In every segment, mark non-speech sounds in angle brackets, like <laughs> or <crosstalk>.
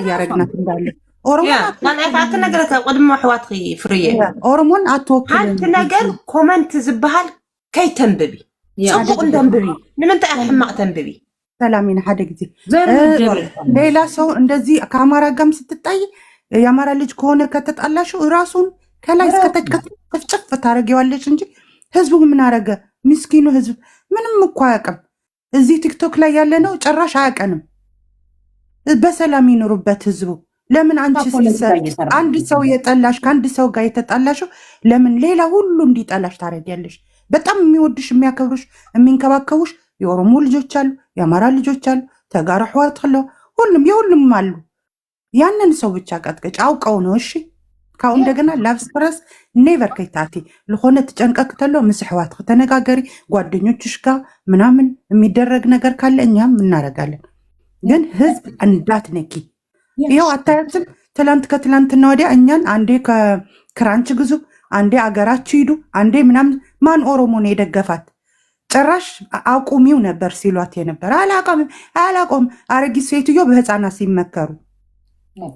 እያረግናት እንዳለ ኦሮሞናት ነገር ቅድሞ ኣሕዋት ፍርየ ኦሮሞን ኣትወክል ሓንቲ ነገር ኮመንት ዝበሃል ከይተንብቢ ፅቡቅ እንተንብቢ ንምንታይ ሕማቅ ተንብቢ ሰላሚና ሓደ ግዜ ሌላ ሰው እንደዚህ ከአማራ ጋም ስትጣይ የአማራ ልጅ ከሆነ ከተጣላሽው ራሱን ከላይ እስከተጨፍጨፍ ታደረጊዋለች እንጂ ህዝቡ ምን አረገ? ምስኪኑ ህዝብ ምንም እኮ አያውቅም። እዚህ ቲክቶክ ላይ ያለ ነው ጭራሽ አያውቀንም። በሰላም ይኖሩበት ህዝቡ። ለምን አንቺ አንድ ሰው የጠላሽ ከአንድ ሰው ጋር የተጣላሽው ለምን ሌላ ሁሉ እንዲጠላሽ ታደርጊያለሽ? በጣም የሚወድሽ የሚያከብሩሽ፣ የሚንከባከቡሽ የኦሮሞ ልጆች አሉ፣ የአማራ ልጆች አሉ፣ ተጋር ሕዋት አለው፣ ሁሉም የሁሉም አሉ። ያንን ሰው ብቻ ቀጥቀጭ አውቀው ነው እሺ። ካሁ እንደገና ላብስፕረስ ኔቨር ከይታቲ ለሆነ ትጨንቀ ክተሎ ምስ ሕዋት ከተነጋገሪ ጓደኞችሽ ጋር ምናምን የሚደረግ ነገር ካለ እኛም እናደርጋለን። ግን ህዝብ እንዳትነኪ። ይኸው አታያትም? ትላንት ከትላንትና ወዲያ እኛን አንዴ ከክራንች ግዙ፣ አንዴ አገራችሁ ሂዱ፣ አንዴ ምናምን። ማን ኦሮሞን የደገፋት ጭራሽ አቁሚው ነበር ሲሏት የነበረ አላቆም አላቆም አረጊ ሴትዮ በህፃናት ሲመከሩ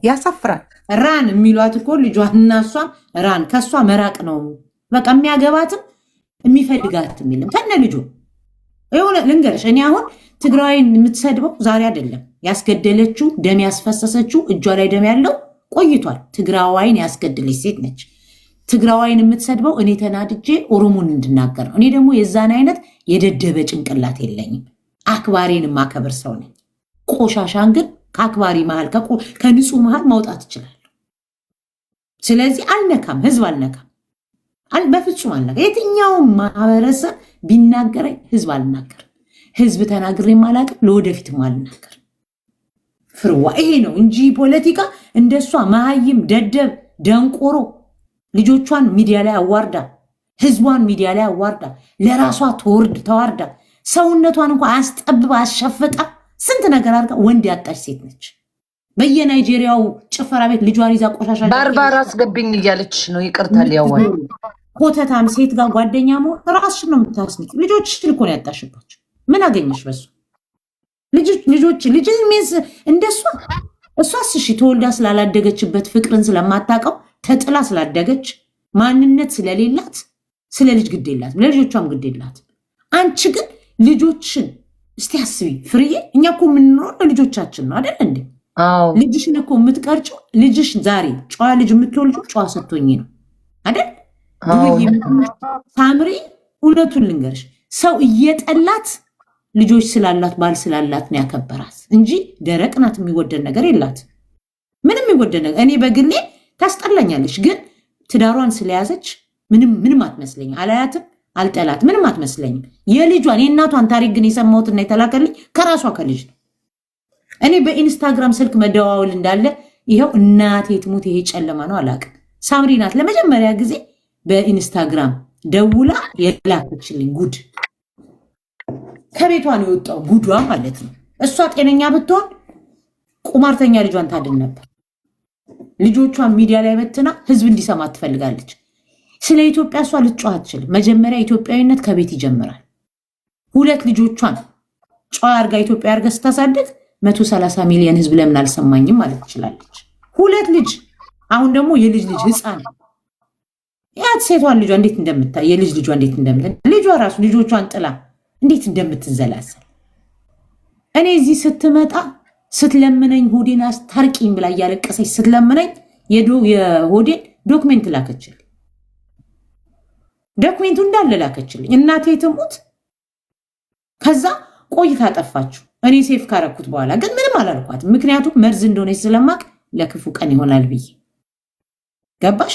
ያሳፍራል። ራን የሚሏት እኮ ልጇ እና እሷ ራን ከእሷ መራቅ ነው በቃ የሚያገባትም የሚፈልጋትም የለም ከነ ልጁ የሆነ ልንገርሽ፣ እኔ አሁን ትግራይን የምትሰድበው ዛሬ አይደለም። ያስገደለችው ደም ያስፈሰሰችው እጇ ላይ ደም ያለው ቆይቷል። ትግራዋይን ያስገደለች ሴት ነች። ትግራዋይን የምትሰድበው እኔ ተናድጄ ኦሮሞን እንድናገር ነው። እኔ ደግሞ የዛን አይነት የደደበ ጭንቅላት የለኝም። አክባሪን የማከብር ሰው ነኝ። ቆሻሻን ግን ከአክባሪ መሃል ከንጹህ መሃል ማውጣት ይችላል። ስለዚህ አልነካም፣ ህዝብ አልነካም። በፍጹም አልናገር። የትኛውም ማህበረሰብ ቢናገረኝ ህዝብ አልናገር፣ ህዝብ ተናግሬ አላቅም፣ ለወደፊት አልናገርም። ፍርዋ ይሄ ነው እንጂ ፖለቲካ እንደሷ መሀይም፣ ደደብ፣ ደንቆሮ ልጆቿን ሚዲያ ላይ አዋርዳ ህዝቧን ሚዲያ ላይ አዋርዳ ለራሷ ተወርድ ተዋርዳ ሰውነቷን እንኳ አስጠብባ አሸፈጣ፣ ስንት ነገር አድርጋ ወንድ ያጣች ሴት ነች። በየናይጄሪያው ጭፈራ ቤት ልጇን ይዛ ቆሻሻ ባርባር አስገብኝ እያለች ነው። ይቅርታል ያዋል ኮተታም ሴት ጋር ጓደኛ መሆን ራስሽን ነው የምታስንቅ። ልጆችሽን እኮ ነው ያጣሽባቸው። ምን አገኘሽ በሱ? ልጆች ልጅ ሚንስ እንደሷ እሷ ስሺ ተወልዳ ስላላደገችበት ፍቅርን ስለማታውቀው ተጥላ ስላደገች ማንነት ስለሌላት ስለ ልጅ ግድ የላትም፣ ለልጆቿም ግድ የላትም። አንቺ ግን ልጆችን እስቲ አስቢ ፍርዬ። እኛ እኮ የምንኖር ለልጆቻችን ነው አደለ እንዴ? ልጅሽን እኮ የምትቀርጭው ልጅሽ ዛሬ ጨዋ ልጅ የምትወልጁ ጨዋ ሰጥቶኝ ነው አደል? ሳምሪ እውነቱን ልንገርሽ፣ ሰው እየጠላት ልጆች ስላላት ባል ስላላት ነው ያከበራት እንጂ ደረቅ ናት። የሚወደድ ነገር የላት ምንም የሚወደድ ነገር እኔ በግሌ ታስጠላኛለች፣ ግን ትዳሯን ስለያዘች ምንም አትመስለኝም። አላያትም፣ አልጠላት፣ ምንም አትመስለኝም። የልጇን የእናቷን ታሪክ ግን የሰማሁትና የተላከልኝ ከራሷ ከልጅ ነው። እኔ በኢንስታግራም ስልክ መደዋወል እንዳለ ይኸው እናቴ ትሙት ይሄ ጨለማ ነው አላውቅም። ሳምሪ ናት ለመጀመሪያ ጊዜ በኢንስታግራም ደውላ የላከችልኝ ጉድ ከቤቷ ነው የወጣው ጉዷ ማለት ነው። እሷ ጤነኛ ብትሆን ቁማርተኛ ልጇን ታድን ነበር። ልጆቿን ሚዲያ ላይ በትና ህዝብ እንዲሰማ ትፈልጋለች። ስለ ኢትዮጵያ እሷ ልትጮህ አትችልም። መጀመሪያ ኢትዮጵያዊነት ከቤት ይጀምራል። ሁለት ልጆቿን ጨዋ አርጋ ኢትዮጵያ አርጋ ስታሳድግ መቶ ሰላሳ ሚሊዮን ህዝብ ለምን አልሰማኝም ማለት ትችላለች። ሁለት ልጅ አሁን ደግሞ የልጅ ልጅ ህፃን ያት ሴቷን ልጇ እንዴት እንደምታ የልጅ ልጇ እንዴት እንደምታ ልጇ ራሱ ልጆቿን ጥላ እንዴት እንደምትንዘላዘል እኔ እዚህ ስትመጣ ስትለምነኝ ሆዴን አስታርቂኝ ብላ እያለቀሰች ስትለምነኝ የሆዴን ዶክሜንት ላከችልኝ። ዶክሜንቱ እንዳለ ላከችልኝ። እናቴ ትሙት። ከዛ ቆይታ ጠፋችሁ። እኔ ሴፍ ካረኩት በኋላ ግን ምንም አላልኳትም። ምክንያቱም መርዝ እንደሆነች ስለማቅ ለክፉ ቀን ይሆናል ብዬ ገባሽ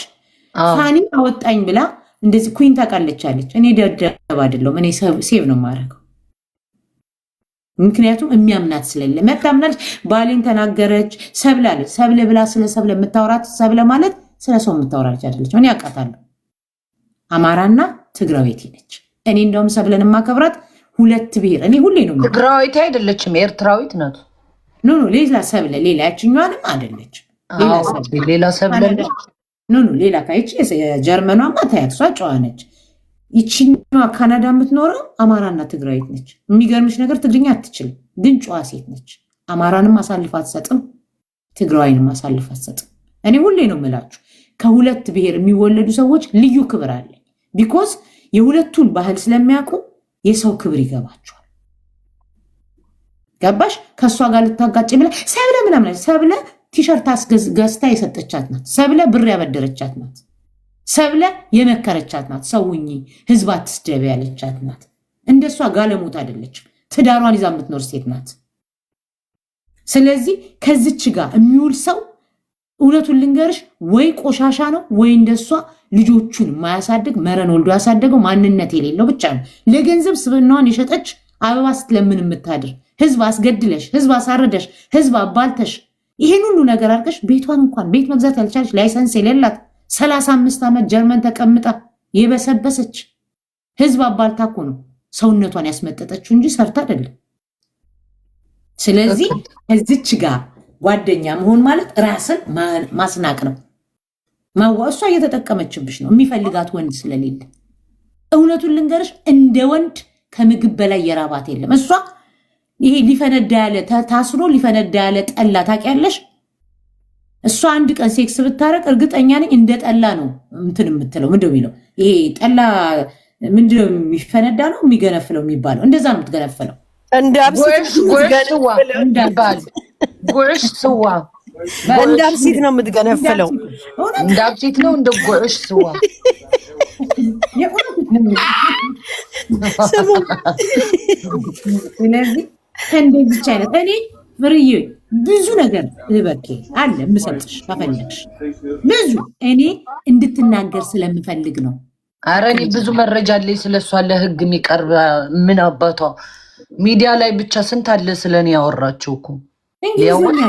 ሳኒ አወጣኝ ብላ እንደዚህ ኩኝ ታውቃለቻለች። እኔ ደደብ አይደለሁም። እኔ ሴቭ ነው የማደርገው፣ ምክንያቱም የሚያምናት ስለሌለ መታምናለች። ባሌን ተናገረች፣ ሰብላለች። ሰብለ ብላ ስለ ሰብለ የምታወራት ሰብለ ማለት ስለ ሰው የምታወራለች አይደለች። እኔ አውቃታለሁ። አማራና ትግራዊት ነች። እኔ እንደውም ሰብለን የማከብራት ሁለት ብሄር እኔ ሁሌ ነው። ትግራዊት አይደለችም፣ ኤርትራዊት ናት። ኖ ሌላ ሰብለ ሌላ ያችኛዋንም አይደለች ሌላ ሰብለ ኖ ኖ ሌላ ካይቺ የጀርመኗማ ታያት፣ እሷ ጨዋ ነች። ካናዳ የምትኖረው አማራና ትግራዊት ነች። የሚገርምሽ ነገር ትግርኛ አትችልም፣ ግን ጨዋ ሴት ነች። አማራንም አሳልፍ አትሰጥም፣ ትግራዊንም አሳልፍ አትሰጥም። እኔ ሁሌ ነው የምላችሁ ከሁለት ብሔር የሚወለዱ ሰዎች ልዩ ክብር አለ። ቢኮዝ የሁለቱን ባህል ስለሚያውቁ የሰው ክብር ይገባቸዋል። ገባሽ? ከእሷ ጋር ልታጋጭ ሰብለ ምናምን ሰብለ ቲሸርት አስገዝታ የሰጠቻት ናት። ሰብለ ብር ያበደረቻት ናት። ሰብለ የመከረቻት ናት። ሰውኝ ህዝብ አትስደብ ያለቻት ናት። እንደሷ ጋለሞት አይደለችም። ትዳሯን ይዛ የምትኖር ሴት ናት። ስለዚህ ከዚች ጋር የሚውል ሰው እውነቱን ልንገርሽ ወይ ቆሻሻ ነው ወይ እንደሷ ልጆቹን ማያሳድግ መረን ወልዶ ያሳደገው ማንነት የሌለው ብቻ ነው። ለገንዘብ ስብናዋን የሸጠች አበባ ስትለምን የምታድር ህዝብ አስገድለሽ፣ ህዝብ አሳረደሽ፣ ህዝብ አባልተሽ ይሄን ሁሉ ነገር አድርገሽ ቤቷን እንኳን ቤት መግዛት ያልቻለች ላይሰንስ የሌላት ሰላሳ አምስት ዓመት ጀርመን ተቀምጣ የበሰበሰች ህዝብ አባልታ እኮ ነው ሰውነቷን ያስመጠጠችው እንጂ ሰርታ አይደለም። ስለዚህ ከዚች ጋር ጓደኛ መሆን ማለት ራስን ማስናቅ ነው። ማዋ እሷ እየተጠቀመችብሽ ነው፣ የሚፈልጋት ወንድ ስለሌለ። እውነቱን ልንገርሽ፣ እንደ ወንድ ከምግብ በላይ የራባት የለም እሷ ይሄ ሊፈነዳ ያለ ታስሮ ሊፈነዳ ያለ ጠላ ታውቂያለሽ። እሷ አንድ ቀን ሴክስ ብታረቅ እርግጠኛ ነኝ እንደ ጠላ ነው እንትን የምትለው። ምንድ ነው ይሄ ጠላ ምንድነው የሚፈነዳ ነው የሚገነፍለው የሚባለው እንደዛ ነው የምትገነፍለው። ጉዕሽ ስዋ እንደ ነው የምትገነፍለው። እንዳብሲት ነው እንደ ጉዕሽ ስዋ ስለዚህ ከእንደዚች አይነት እኔ ፍርዬ ብዙ ነገር በኬ አለ የምሰጥሽ ከፈለግሽ ብዙ እኔ እንድትናገር ስለምፈልግ ነው። አረ እኔ ብዙ መረጃ አለኝ ስለሷ ለህግ የሚቀርብ ምን አባቷ ሚዲያ ላይ ብቻ ስንት አለ ስለኔ ያወራችው እኮ እንግሊዝኛ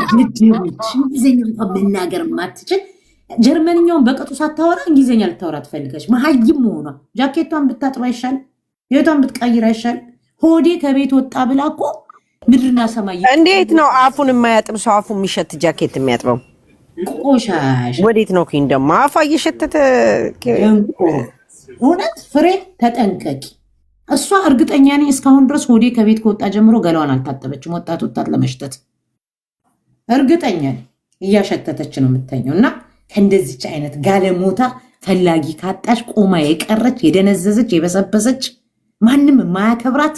ግድቦች እንግሊዝኛ መናገር ማትችል ጀርመንኛውን በቅጡ ሳታወራ እንግሊዝኛ ልታወራ ትፈልጋች። መሀይም መሆኗ ጃኬቷን ብታጥሩ አይሻል? ህይወቷን ብትቀይር አይሻል? ሆዴ ከቤት ወጣ ብላ እኮ ምድርና ሰማይ እንዴት ነው አፉን የማያጥብ ሰው አፉ የሚሸት ጃኬት የሚያጥበው? ቆሻሽ ወዴት ነው ኪን ደግሞ አፋ እየሸተተ እውነት። ፍሬ ተጠንቀቂ። እሷ እርግጠኛ ነኝ እስካሁን ድረስ ወዴ ከቤት ከወጣ ጀምሮ ገላዋን አልታጠበችም። ወጣት ወጣት ለመሽተት እርግጠኛ ነኝ እያሸተተች ነው የምተኘው። እና ከእንደዚች አይነት ጋለሞታ ፈላጊ ካጣች ቆማ የቀረች የደነዘዘች የበሰበሰች ማንም የማያከብራት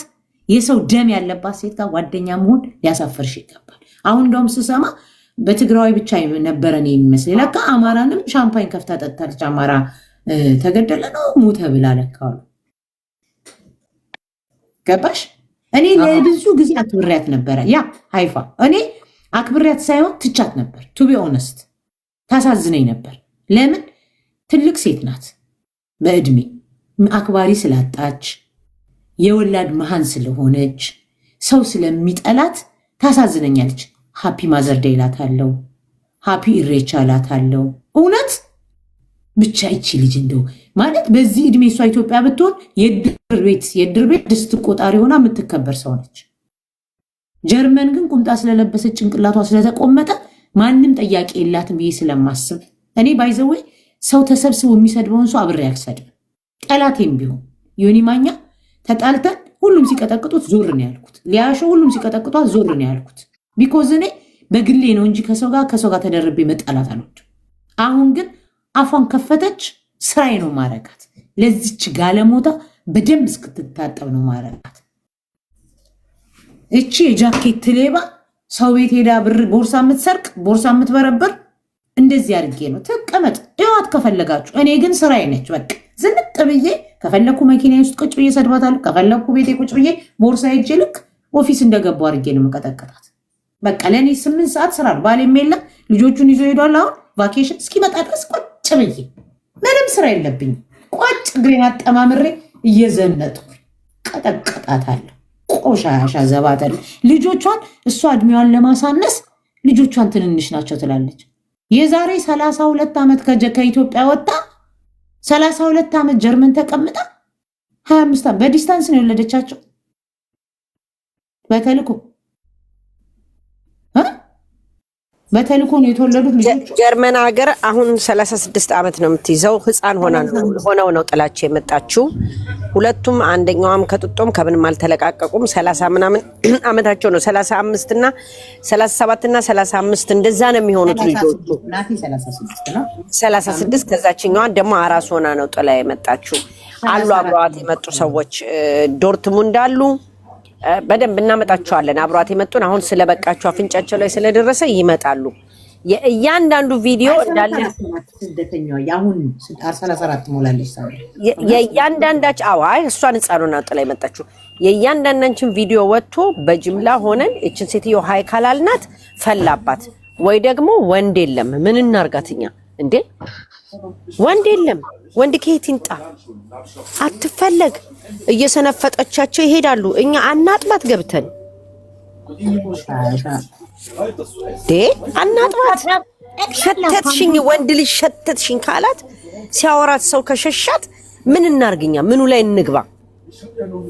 የሰው ደም ያለባት ሴት ጋር ጓደኛ መሆን ሊያሳፈርሽ ይገባል። አሁን እንደውም ስሰማ በትግራዊ ብቻ ነበረን የሚመስል ለካ አማራንም ሻምፓኝ ከፍታ ጠጥታለች። አማራ ተገደለ ነው ሞተ ብላ ለካ አሉ። ገባሽ? እኔ ለብዙ ጊዜ አክብሬያት ነበረ። ያ ሀይፋ እኔ አክብሬያት ሳይሆን ትቻት ነበር። ቱቢ ኦነስት ታሳዝነኝ ነበር። ለምን ትልቅ ሴት ናት በእድሜ አክባሪ ስላጣች የወላድ መሃን ስለሆነች ሰው ስለሚጠላት ታሳዝነኛለች። ሀፒ ማዘርዳ ይላታለው፣ ሀፒ እሬቻ ይላታለው። እውነት ብቻ ይቺ ልጅ እንደው ማለት በዚህ እድሜ እሷ ኢትዮጵያ ብትሆን የድር ቤት የድር ቤት ድስት ቆጣሪ ሆና የምትከበር ሰው ነች። ጀርመን ግን ቁምጣ ስለለበሰች ጭንቅላቷ ስለተቆመጠ ማንም ጠያቂ የላትም ብዬ ስለማስብ እኔ ባይዘወይ ሰው ተሰብስቦ የሚሰድበውን ሰው አብሬ አልሰድም። ጠላቴም ቢሆን ዮኒ ማኛ ተጣልተን ሁሉም ሲቀጠቅጡት ዞር ነው ያልኩት። ሊያሾ ሁሉም ሲቀጠቅጧት ዞር ነው ያልኩት። ቢኮዝ እኔ በግሌ ነው እንጂ ከሰው ጋር ከሰው ጋር ተደርቤ መጣላት አልወድም። አሁን ግን አፏን ከፈተች፣ ስራዬ ነው ማረጋት። ለዚች ጋለሞታ በደንብ እስክትታጠብ ነው ማረጋት። እቺ የጃኬት ሌባ ሰው ቤት ሄዳ ብር ቦርሳ የምትሰርቅ ቦርሳ የምትበረብር እንደዚህ አድርጌ ነው ትቀመጥ፣ እዋት ከፈለጋችሁ። እኔ ግን ስራዬ ነች በቃ። ዝንጥ ብዬ ከፈለግኩ መኪና ውስጥ ቁጭ ብዬ ሰድባታለሁ። ከፈለግኩ ቤቴ ቁጭ ብዬ ቦርሳ ሄጄ ልክ ኦፊስ እንደገባው አድርጌ ነው መቀጠቀጣት። በቃ ለእኔ ስምንት ሰዓት ስራ ነው። ባሌም የለም ልጆቹን ይዞ ሄዷል። አሁን ቫኬሽን እስኪመጣ ድረስ ቁጭ ብዬ ምንም ስራ የለብኝ። ቋጭ እግሬን አጠማምሬ እየዘነጥኩ ቀጠቅጣታለሁ። ቆሻሻ ዘባተል ልጆቿን እሷ እድሜዋን ለማሳነስ ልጆቿን ትንንሽ ናቸው ትላለች። የዛሬ ሰላሳ ሁለት ዓመት ከኢትዮጵያ ወጣ ሰላሳ ሁለት ዓመት ጀርመን ተቀምጣ ሀያ አምስት በዲስታንስ ነው የወለደቻቸው በተልኮ በተልእኮ ነው የተወለዱት ልጆች ጀርመን ሀገር አሁን ሰላሳ ስድስት ዓመት ነው የምትይዘው። ህፃን ሆነው ነው ጥላቸው የመጣችው። ሁለቱም አንደኛዋም ከጥጦም ከምንም አልተለቃቀቁም። ሰላሳ ምናምን <clears throat> ዓመታቸው ነው። ሰላሳ አምስት እና ሰላሳ ሰባት እና ሰላሳ አምስት እንደዛ ነው የሚሆኑት ልጆቹ። ሰላሳ ስድስት ከዛችኛዋ ደግሞ አራስ ሆና ነው ጥላ የመጣችው። አሉ አብረዋት የመጡ ሰዎች ዶርትሙንድ አሉ። በደንብ እናመጣቸዋለን። አብሯት የመጡን አሁን ስለበቃቸው አፍንጫቸው ላይ ስለደረሰ ይመጣሉ። የእያንዳንዱ ቪዲዮ እንዳለ የእያንዳንዳች አዋይ እሷን ህፃኑን አጥላ የመጣችሁ የእያንዳንዳችን ቪዲዮ ወጥቶ በጅምላ ሆነን እችን ሴትዮ ሀይ ካላልናት ፈላባት ወይ ደግሞ ወንድ የለም ምን እናርጋትኛ እንዴ? ወንድ የለም። ወንድ ከየት ይንጣ አትፈለግ። እየሰነፈጠቻቸው ይሄዳሉ። እኛ አናጥባት ገብተን ዴ አናጥባት። ሸተትሽኝ፣ ወንድ ልጅ ሸተትሽኝ ካላት ሲያወራት ሰው ከሸሻት ምን እናርግኛ? ምኑ ላይ እንግባ?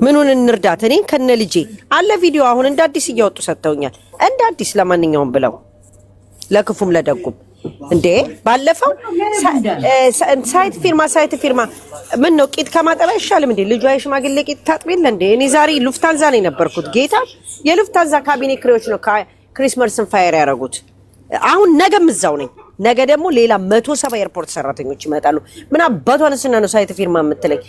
ምኑን እንርዳት? እኔን ከነ ልጄ አለ ቪዲዮ አሁን እንደ አዲስ እያወጡ ሰጥተውኛል። እንደ አዲስ ለማንኛውም ብለው ለክፉም ለደጉም እንዴ ባለፈው ሳይት ፊርማ ሳይት ፊርማ ምን ነው ቂጥ ከማጠብ አይሻልም እንዴ? ልጇ የሽማግሌ ቂጥ ታጥቤለ እንዴ? እኔ ዛሬ ሉፍታንዛ ነው የነበርኩት። ጌታ የሉፍታንዛ ካቢኔ ክሬዎች ነው ክሪስመስን ፋየር ያደረጉት። አሁን ነገም እዛው ነኝ። ነገ ደግሞ ሌላ መቶ ሰባ ኤርፖርት ሰራተኞች ይመጣሉ። ምን አባቷንስና ነው ሳይት ፊርማ የምትለኝ?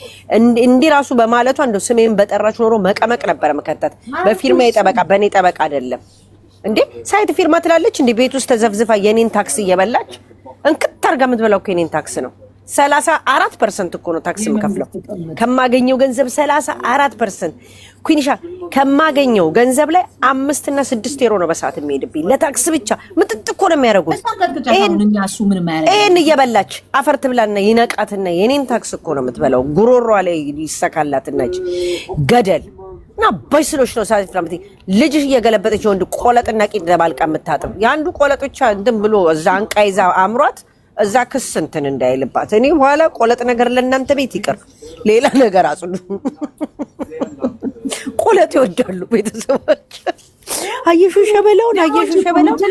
እንዲህ ራሱ በማለቷ እንደው ስሜን በጠራች ኖሮ መቀመቅ ነበረ መከተት። በፊርማ የጠበቃ በእኔ ጠበቃ አይደለም እንዴ ሳይት ፊርማ ትላለች እንዴ ቤት ውስጥ ተዘፍዝፋ የኔን ታክስ እየበላች እንክት አርጋ የምትበላው የኔን ታክስ ነው። ሰላሳ አራት ፐርሰንት እኮ ነው ታክስ የምከፍለው ከማገኘው ገንዘብ ሰላሳ አራት ፐርሰንት ኩኒሻ ከማገኘው ገንዘብ ላይ አምስት እና ስድስት ዩሮ ነው በሰዓት የሚሄድብኝ ለታክስ ብቻ ምጥጥ እኮ ነው የሚያደርጉት። ይህን እየበላች አፈር ትብላና ይነቃትና የኔን ታክስ እኮ ነው የምትበላው። ጉሮሯ ላይ ይሰካላትናች ገደል እና በስሎች ነው ሳት ፍራምቲ ልጅ እየገለበጠች የወንድ ቆለጥና ቂጥ ደባልቃ የምታጥብ የአንዱ ቆለጦቻ ብቻ እንትን ብሎ እዛ አንቃ ይዛ አምሯት እዛ ክስ እንትን እንዳይልባት። እኔ በኋላ ቆለጥ ነገር ለእናንተ ቤት ይቅር፣ ሌላ ነገር አጽዱ። ቆለጥ ይወዳሉ ቤተሰቦች። አየሹ ሸበለውን አየሹ ሸበለውን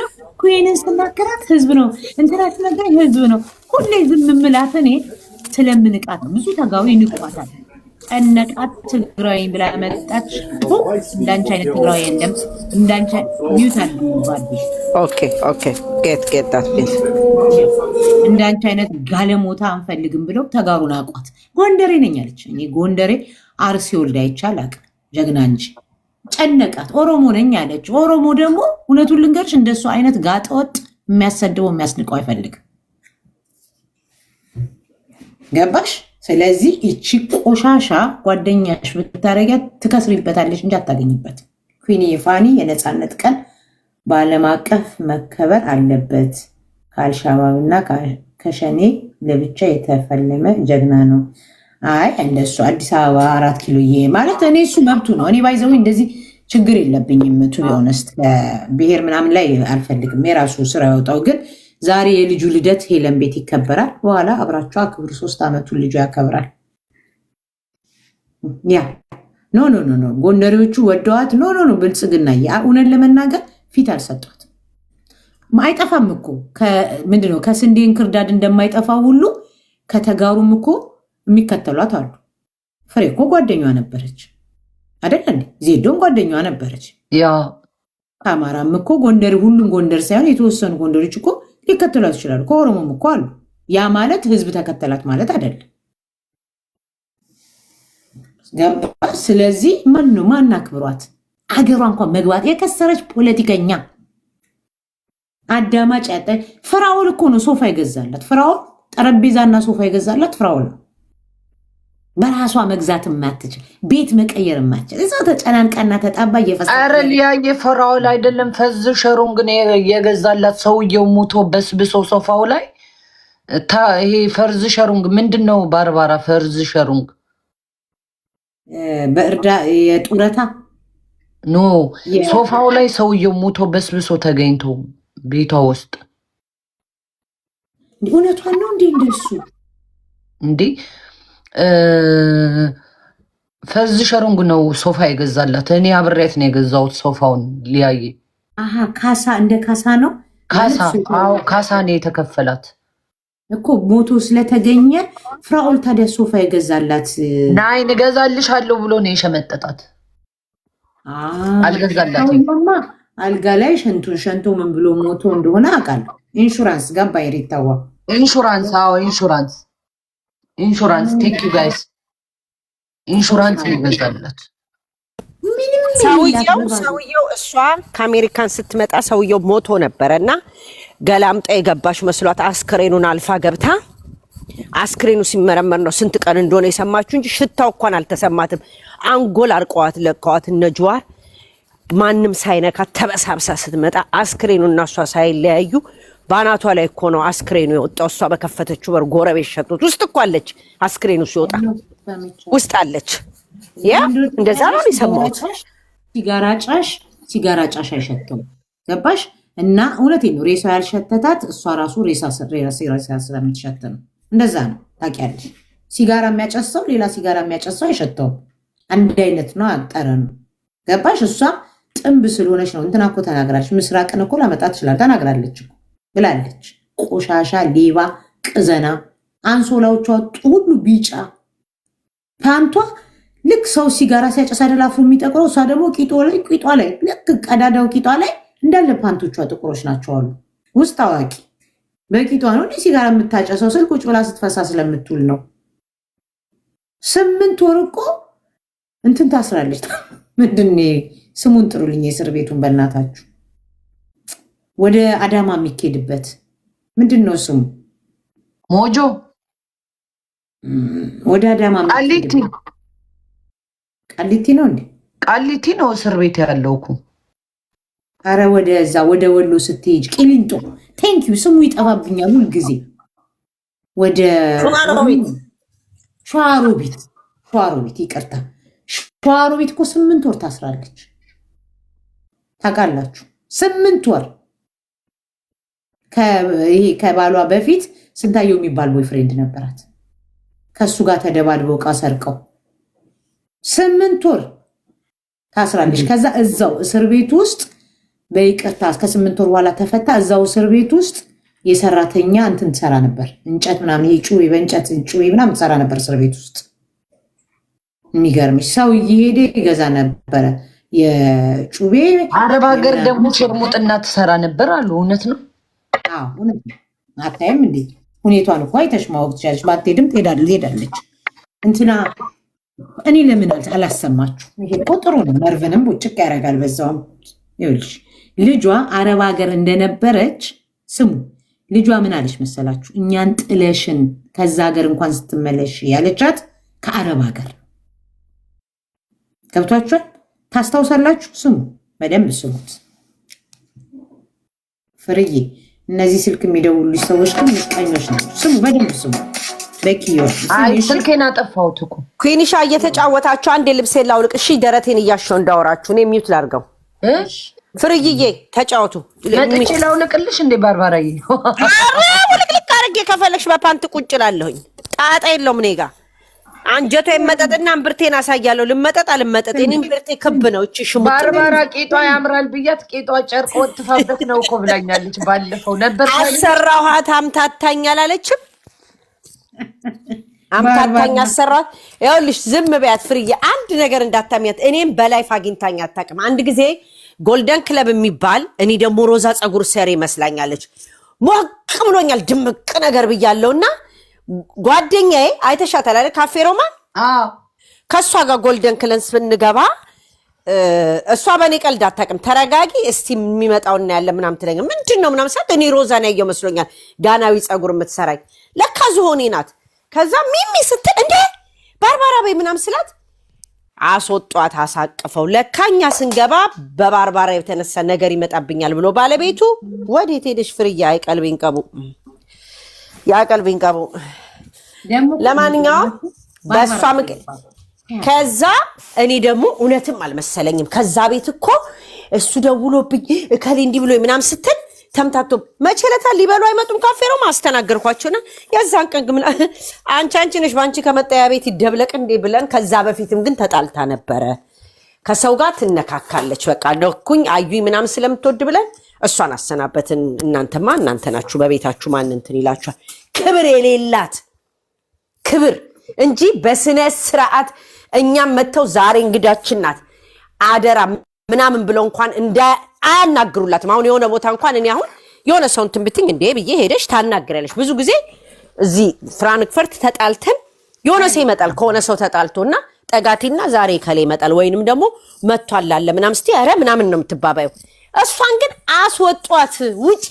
ኩዌንን ስናከራት ህዝብ ነው እንትናት ነገር ህዝብ ነው። ሁሌ ዝም ምላት እኔ ስለምንቃት ብዙ ተጋዊ ንቋታል ጨነቃት ትግራዊ ብላ መጣች። እንዳንቺ አይነት ትግራዊ የለም። እንዳንቺ ኦኬ ኦኬ ጌት ጌት እንዳንቺ አይነት ጋለሞታ አንፈልግም ብለው ተጋሩን አቋት ጎንደሬ ነኝ አለች። እኔ ጎንደሬ አርሲ ወልዳ ይቻል አቅ ጀግና እንጂ ጨነቃት። ኦሮሞ ነኝ አለች። ኦሮሞ ደግሞ እውነቱን ልንገርሽ እንደሱ አይነት ጋጠወጥ የሚያሰድበው የሚያስንቀው አይፈልግም። ገባሽ? ስለዚህ እቺ ቆሻሻ ጓደኛሽ ብታረጊያት ትከስሪበታለች እንጂ አታገኝበት። ኩኒ የፋኒ የነፃነት ቀን በዓለም አቀፍ መከበር አለበት። ከአልሻባብ እና ከሸኔ ለብቻ የተፈለመ ጀግና ነው። አይ እንደሱ አዲስ አበባ አራት ኪሎዬ ማለት እኔ እሱ መብቱ ነው። እኔ ባይዘው እንደዚህ ችግር የለብኝም። ቱ የሆነስ ብሔር ምናምን ላይ አልፈልግም። የራሱ ስራ ያወጣው ግን ዛሬ የልጁ ልደት ሄለን ቤት ይከበራል። በኋላ አብራቸው አክብሩ። ሶስት ዓመቱን ልጁ ያከብራል። ያ ኖ ኖ ኖ ጎንደሬዎቹ ወደዋት ኖ ኖ ኖ ብልጽግና እውነን ለመናገር ፊት አልሰጧት። አይጠፋም እኮ ምንድነው ከስንዴ እንክርዳድ እንደማይጠፋ ሁሉ ከተጋሩም እኮ የሚከተሏት አሉ። ፍሬ እኮ ጓደኛዋ ነበረች አደለን? እንዴ? ዜዶም ጓደኛዋ ነበረች። አማራም እኮ ጎንደር ሁሉም ጎንደር ሳይሆን የተወሰኑ ጎንደሮች እኮ ሊከተሏት ይችላሉ። ከኦሮሞም እኮ አሉ። ያ ማለት ህዝብ ተከተላት ማለት አይደለም። ስለዚህ ማን ማን አክብሯት አገሯ እንኳን መግባት የከሰረች ፖለቲከኛ አዳማጭ ያጠ ፍራውል እኮ ነው ሶፋ ይገዛላት። ፍራውል፣ ጠረጴዛና ሶፋ ይገዛላት ፍራውል ነው። በራሷ መግዛት የማትችል ቤት መቀየር የማትችል እዛ ተጨናንቃና ተጣባ እየፈሳ ሊያ የፈራው ላይ አይደለም ፈዝ ሸሩን ግን የገዛላት ሰውየው ሙቶ በስብሶ ሶፋው ላይ ይሄ ፈርዝ ሸሩንግ ምንድን ነው? ባርባራ ፈርዝ ሸሩንግ በእርዳ የጡረታ ኖ ሶፋው ላይ ሰውየው ሙቶ በስብሶ ተገኝቶ ቤቷ ውስጥ እውነቷን ነው እንዴ እንደሱ እንዴ ፈዝ ሸሩንግ ነው ሶፋ የገዛላት። እኔ አብሬት ነው የገዛሁት ሶፋውን። ሊያየ ካሳ እንደ ካሳ ነው ካሳ ነው የተከፈላት እኮ ሞቶ ስለተገኘ ፍራኦል ታዲያ ሶፋ የገዛላት ናይ ንገዛልሽ አለው ብሎ ነው የሸመጠጣት። አልገዛላትም። አልጋ ላይ ሸንቱን ሸንቶ ምን ብሎ ሞቶ እንደሆነ አውቃለሁ። ኢንሹራንስ ጋባ ይሪታዋ ኢንሹራንስ፣ አዎ ኢንሹራንስ ኢንሹራንስ ቴክ ዩ ጋይስ ኢንሹራንስ ይበዛለት። ሰውየው ሰውየው እሷ ከአሜሪካን ስትመጣ ሰውየው ሞቶ ነበረ እና ገላምጣ የገባች መስሏት አስክሬኑን አልፋ ገብታ አስክሬኑ ሲመረመር ነው ስንት ቀን እንደሆነ የሰማችሁ እንጂ ሽታው እንኳን አልተሰማትም። አንጎል አርቀዋት ለቀዋት እነ ማንም ሳይነካት ተበሳብሳ ስትመጣ አስክሬኑ እና እሷ ሳይለያዩ በአናቷ ላይ እኮ ነው አስክሬኑ የወጣው። እሷ በከፈተችው በር ጎረቤት ሸጡት። ውስጥ እኮ አለች፣ አስክሬኑ ሲወጣ ውስጥ አለች። ያ እንደዛ ነው የሰማሁት። ሲጋራ ጫሽ ሲጋራ ጫሽ አይሸትም፣ ገባሽ? እና እውነቴ ነው ሬሳ ያልሸተታት እሷ ራሱ ሬሳ ስለምትሸት ነው። እንደዛ ነው ታውቂያለሽ። ሲጋራ የሚያጨሰው ሌላ ሲጋራ የሚያጨሰው አይሸተውም። አንድ አይነት ነው አጠረ ነው። ገባሽ? እሷ ጥንብ ስለሆነች ነው። እንትና እኮ ተናግራለች። ምስራቅን እኮ ላመጣ ትችላል። ተናግራለች እኮ ብላለች። ቆሻሻ፣ ሌባ፣ ቅዘና አንሶላዎቿ ሁሉ ቢጫ፣ ፓንቷ ልክ ሰው ሲጋራ ሲያጨስ አይደል አፉ የሚጠቁረው፣ እሷ ደግሞ ቂጦ ላይ ቂጧ ላይ ልክ ቀዳዳው ቂጧ ላይ እንዳለ ፓንቶቿ ጥቁሮች ናቸው አሉ ውስጥ አዋቂ። በቂጧ ነው እንዲህ ሲጋራ የምታጨሰው ስል ቁጭ ብላ ስትፈሳ ስለምትውል ነው። ስምንት ወር እኮ እንትን ታስራለች። ምንድን ስሙን ጥሩልኝ የእስር ቤቱን በእናታችሁ። ወደ አዳማ የሚኬድበት ምንድን ነው ስሙ? ሞጆ ወደ አዳማ ቃሊቲ ቃሊቲ ነው እንዴ? ቃሊቲ ነው እስር ቤት ያለው እኮ። አረ ወደዛ ወደ ወሎ ስትሄጅ ቂሊንጦ። ቴንኪዩ ስሙ ይጠፋብኛል ሁልጊዜ። ወደ ሸዋሮቢት ሸዋሮቢት፣ ይቅርታ ሸዋሮቢት እኮ ስምንት ወር ታስራለች ታውቃላችሁ። ስምንት ወር ይሄ ከባሏ በፊት ስንታየው የሚባል ቦይፍሬንድ ነበራት። ከእሱ ጋር ተደባድበው ዕቃ ሰርቀው ስምንት ወር ታስራለች። ከዛ እዛው እስር ቤት ውስጥ በይቅርታ ከስምንት ወር በኋላ ተፈታ። እዛው እስር ቤት ውስጥ የሰራተኛ እንትን ትሰራ ነበር፣ እንጨት ምናምን፣ ይሄ ጩቤ በእንጨት ጩቤ ምናምን ትሰራ ነበር እስር ቤት ውስጥ። የሚገርምሽ ሰው እየሄደ ይገዛ ነበረ የጩቤ። አረብ ሀገር ደግሞ ሽርሙጥና ትሰራ ነበር አሉ። እውነት ነው። አታይም እንዴ? ሁኔቷን እኮ አይተሽ ማወቅ ትችላለች። ባትሄድም ትሄዳለች። እንትና እኔ ለምን አላሰማችሁ? ይሄ እኮ ጥሩ ነው። መርቭንም ውጭቅ ያደርጋል። በዛውም ይኸውልሽ ልጇ አረብ ሀገር እንደነበረች ስሙ። ልጇ ምን አለች መሰላችሁ? እኛን ጥለሽን ከዛ ሀገር እንኳን ስትመለሽ ያለቻት ከአረብ ሀገር ገብቷችኋል። ታስታውሳላችሁ? ስሙ፣ በደንብ ስሙት ፍርዬ እነዚህ ስልክ የሚደውሉልሽ ሰዎች ግን ምቀኞች ናቸው። ስሙ፣ በደንብ ስሙ። ስልኬን አጠፋሁት እኮ ኩኒሻ እየተጫወታችሁ አንዴ ልብሴን ላውልቅ። እሺ ደረቴን እያሸው እንዳወራችሁ እኔ ሚዩት ላድርገው። ፍርይዬ ተጫወቱ። መጥቼ ላውልቅልሽ እንዴ ባርባራዬ? ውልቅልቅ አድርጌ ከፈለግሽ በፓንት ቁጭ እላለሁኝ። ጣጣ የለውም እኔ ጋር አንጀቷ ይመጠጥና እምብርቴን አሳያለሁ። ልመጠጥ አልመጠጥ የኔ እምብርቴ ክብ ነው። እቺ ሽሙ ባርባራ ቂጧ ያምራል ብያት ቂጧ ጨርቆ ወጥፋበት ነው እኮ ብላኛለች። ባለፈው ነበር አሰራኋት። አምታታኝ አላለችም? አምታታኝ አሰራት። ይኸውልሽ ዝም ብያት ፍርዬ፣ አንድ ነገር እንዳታሚያት። እኔም በላይፍ አግኝታኝ አታውቅም። አንድ ጊዜ ጎልደን ክለብ የሚባል እኔ ደግሞ ሮዛ ፀጉር ሰሪ ይመስላኛለች። ሞቅ ብሎኛል፣ ድምቅ ነገር ብያለሁና ጓደኛዬ አይተሻታል አይደል? ካፌ ሮማ ከእሷ ጋር ጎልደን ክለንስ ብንገባ እሷ በእኔ ቀልድ አታውቅም። ተረጋጊ እስቲ የሚመጣውና ያለ ምናም ትለኝ። ምንድን ነው ምናምን ሰት እኔ ሮዛን ያየው መስሎኛል። ጋናዊ ፀጉር የምትሰራኝ ለካ ዝሆኔ ናት። ከዛ ሚሚ ስትል እንደ ባርባራ በይ ምናም ስላት አስወጧት፣ አሳቅፈው። ለካ እኛ ስንገባ በባርባራ የተነሳ ነገር ይመጣብኛል ብሎ ባለቤቱ ወዴት ሄደሽ ፍርያ፣ አይቀልብኝ ቀቡ፣ የአቀልብኝ ቀቡ ለማንኛውም በእሷ ከዛ እኔ ደግሞ እውነትም አልመሰለኝም። ከዛ ቤት እኮ እሱ ደውሎብኝ እከሌ እንዲህ ብሎ ምናምን ስትል ተምታቶ መቸለታ ሊበሉ አይመጡም። ካፌ ነው ማስተናገርኳቸውና የዛን ቀን ግን <laughs> አንቺ አንቺ ነሽ በአንቺ ከመጠያ ቤት ይደብለቅ እንዴ ብለን ከዛ በፊትም ግን ተጣልታ ነበረ። ከሰው ጋር ትነካካለች። በቃ ለኩኝ አዩኝ ምናምን ስለምትወድ ብለን እሷን አሰናበትን። እናንተማ እናንተ ናችሁ በቤታችሁ ማንንትን እንትን ይላችኋል? ክብር የሌላት ክብር እንጂ በስነ ስርዓት እኛም መጥተው ዛሬ እንግዳችን ናት አደራ ምናምን ብለው እንኳን እንዳ አያናግሩላትም። አሁን የሆነ ቦታ እንኳን እኔ አሁን የሆነ ሰው እንትን ብትኝ እንዴ ብዬ ሄደሽ ታናግራለሽ። ብዙ ጊዜ እዚህ ፍራንክፈርት ተጣልተን የሆነ ሰው ይመጣል ከሆነ ሰው እና ጠጋቲና ዛሬ ከሌ ይመጣል ወይንም ደግሞ መጥቷል አለ ምናምን እስቲ ኧረ ምናምን ነው የምትባባዩ። እሷን ግን አስወጧት፣ ውጪ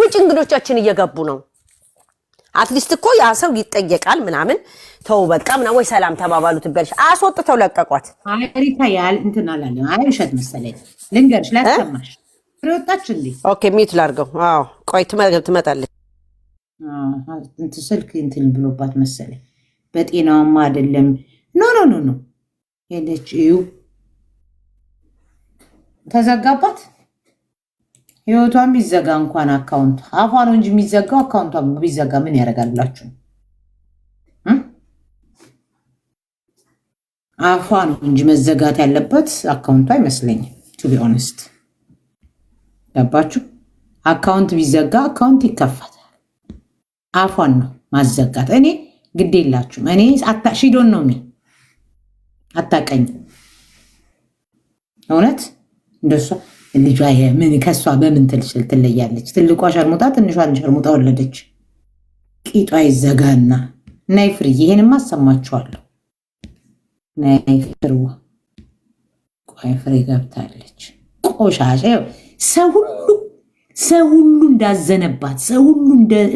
ውጪ፣ እንግዶቻችን እየገቡ ነው። አትሊስት እኮ ያ ሰው ይጠየቃል ምናምን ተው በቃ ምና ወይ ሰላም ተባባሉ ትበልሽ አስወጥተው ለቀቋት። ሪታ ያል እንትን አላለም። አይ መሰለኝ። ልንገርሽ ላሰማሽ ፍሬወጣች እንዴ? ኦኬ ሚት ላርገው። አዎ ቆይ ትመጣለች። ስልክ እንትን ብሎባት መሰለኝ። በጤናውማ አይደለም። ኖ ኖ ኖ ኖ ሄደች እዩ ተዘጋባት። ህይወቷን ቢዘጋ እንኳን አካውንት አፏ ነው እንጂ የሚዘጋው አካውንቷ ቢዘጋ ምን ያደርጋላችሁ? አፏ ነው እንጂ መዘጋት ያለበት አካውንቷ አይመስለኝም። ቱ ቢ ኦነስት ገባችሁ? አካውንት ቢዘጋ አካውንት ይከፈታል። አፏን ነው ማዘጋት። እኔ ግድ የላችሁም። እኔ ሺዶን ነው ሚ አታቀኝም እውነት እንደሷ ልጇ ምን ከእሷ በምን ትልችል ትለያለች? ትልቋ ሸርሙጣ ትንሿን ሸርሙጣ ወለደች። ቂጧ ይዘጋና ናይ ፍርዬ፣ ይሄንማ አሰማችኋለሁ። ናይ ፍርዋ ቆይ ፍሬ ገብታለች። ቆሻሻ ሰው ሁሉ ሰው ሁሉ እንዳዘነባት ሰው ሁሉ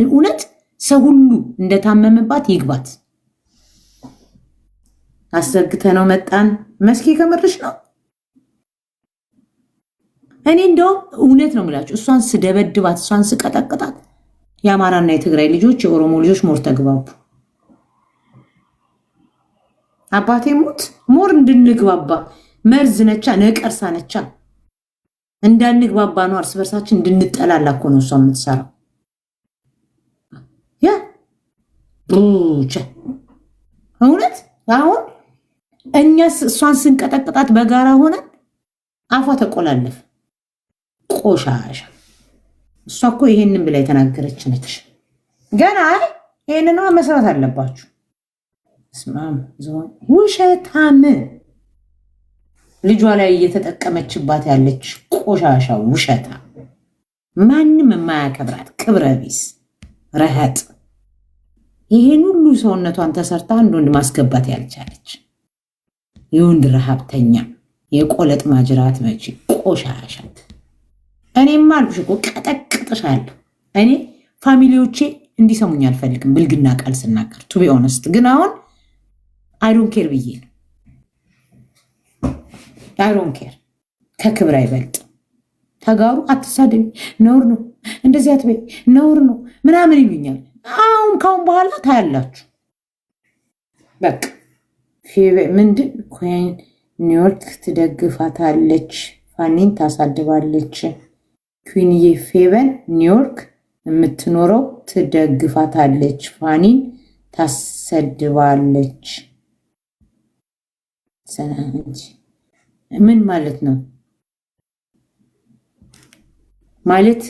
እውነት ሰው ሁሉ እንደታመመባት ይግባት። አሰግተ ነው መጣን መስኪ ከምርሽ ነው እኔ እንደውም እውነት ነው የምላችሁ እሷን ስደበድባት እሷን ስቀጠቅጣት የአማራና የትግራይ ልጆች የኦሮሞ ልጆች ሞር ተግባቡ። አባቴ ሞት ሞር እንድንግባባ መርዝ ነቻ ነቀርሳ ነቻ እንዳንግባባ ነው። እርስ በርሳችን እንድንጠላላ እኮ ነው እሷ የምትሰራው። ያ እውነት አሁን እኛ እሷን ስንቀጠቅጣት በጋራ ሆነን አፏ ተቆላለፈ። ቆሻሻ። እሷ እኮ ይሄንን ብላ የተናገረች ነች። ገና ይህንኗ መስራት አለባችሁ። ስማም ዞን ውሸታም ልጇ ላይ እየተጠቀመችባት ያለች ቆሻሻ ውሸታ፣ ማንም የማያከብራት ክብረ ቢስ ረሀጥ። ይህን ሁሉ ሰውነቷን ተሰርታ አንድ ወንድ ማስገባት ያልቻለች የወንድ ረሀብተኛ፣ የቆለጥ ማጅራት መቼ ቆሻሻት እኔማ አልኩሽ እኮ ቀጠቅጥሻለሁ። እኔ ፋሚሊዎቼ እንዲሰሙኝ አልፈልግም፣ ብልግና ቃል ስናገር ቱቢ ኦነስት። ግን አሁን አይዶን ኬር ብዬ ነው። አይሮን ኬር ከክብር አይበልጥ። ተጋሩ፣ አትሳደቢ፣ ነውር ነው፣ እንደዚህ አትበይ፣ ነውር ነው ምናምን ይሉኛል። አሁን ካሁን በኋላ ታያላችሁ። በቃ ምንድን ኒውዮርክ ትደግፋታለች፣ ፋኒን ታሳድባለች። ኩንዬ ፌቨን ኒውዮርክ የምትኖረው ትደግፋታለች፣ ፋኒን ታሰድባለች። ምን ማለት ነው? ማለት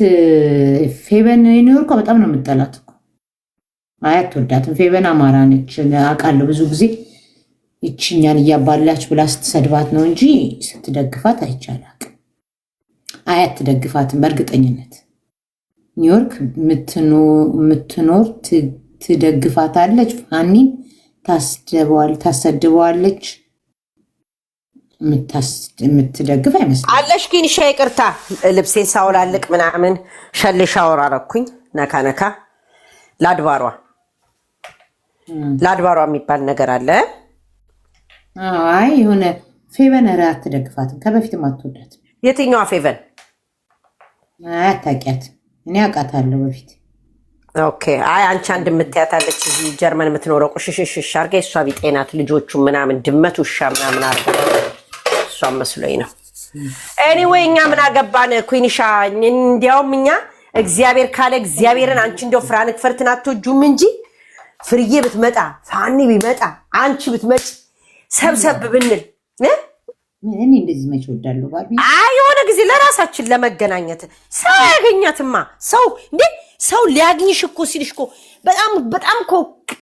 ፌቨን ኒውዮርክ በጣም ነው የምጠላት። አይ አትወዳትም። ፌቨን አማራ ነች አውቃለሁ። ብዙ ጊዜ ይችኛን እያባላች ብላ ስትሰድባት ነው እንጂ ስትደግፋት አይቻልም። አያት ደግፋትን በእርግጠኝነት ኒውዮርክ የምትኖር ትደግፋታለች ፋኒን ታሰድበዋለች የምትደግፍ አይመስለኝም አለሽ ግን ሻ ይቅርታ ልብሴን ሳውላልቅ ምናምን ሸልሻ ወራረኩኝ ነካ ነካ ላድባሯ ላድባሯ የሚባል ነገር አለ አይ የሆነ ፌቨን ኧረ አትደግፋትም ከበፊትም አትወዳትም የትኛዋ ፌቨን አታውቂያት? እኔ አውቃታለሁ በፊት። ኦኬ። አይ አንቺ አንድ የምትያታለች እዚህ ጀርመን የምትኖረው ቁሽሽሽሽ አድርጋ የእሷ ቢጤ ልጆቹ ምናምን ድመት ውሻ ምናምን አድርጋ እሷን መስሎኝ ነው። ኤኒዌይ እኛ ምን አገባን ኩኒሻ። እንዲያውም እኛ እግዚአብሔር ካለ እግዚአብሔርን አንቺ እንዲያው ፍራንክፈርትን አትወጂውም እንጂ ፍርዬ ብትመጣ ፋኒ ቢመጣ አንቺ ብትመጪ ሰብሰብ ብንል እኔ እንደዚህ መቼ ወዳለሁ አይ የሆነ ጊዜ ለራሳችን ለመገናኘት ሰው ያገኛትማ ሰው እንዴ ሰው ሊያግኝሽ እኮ ሲልሽ እኮ በጣም በጣም እኮ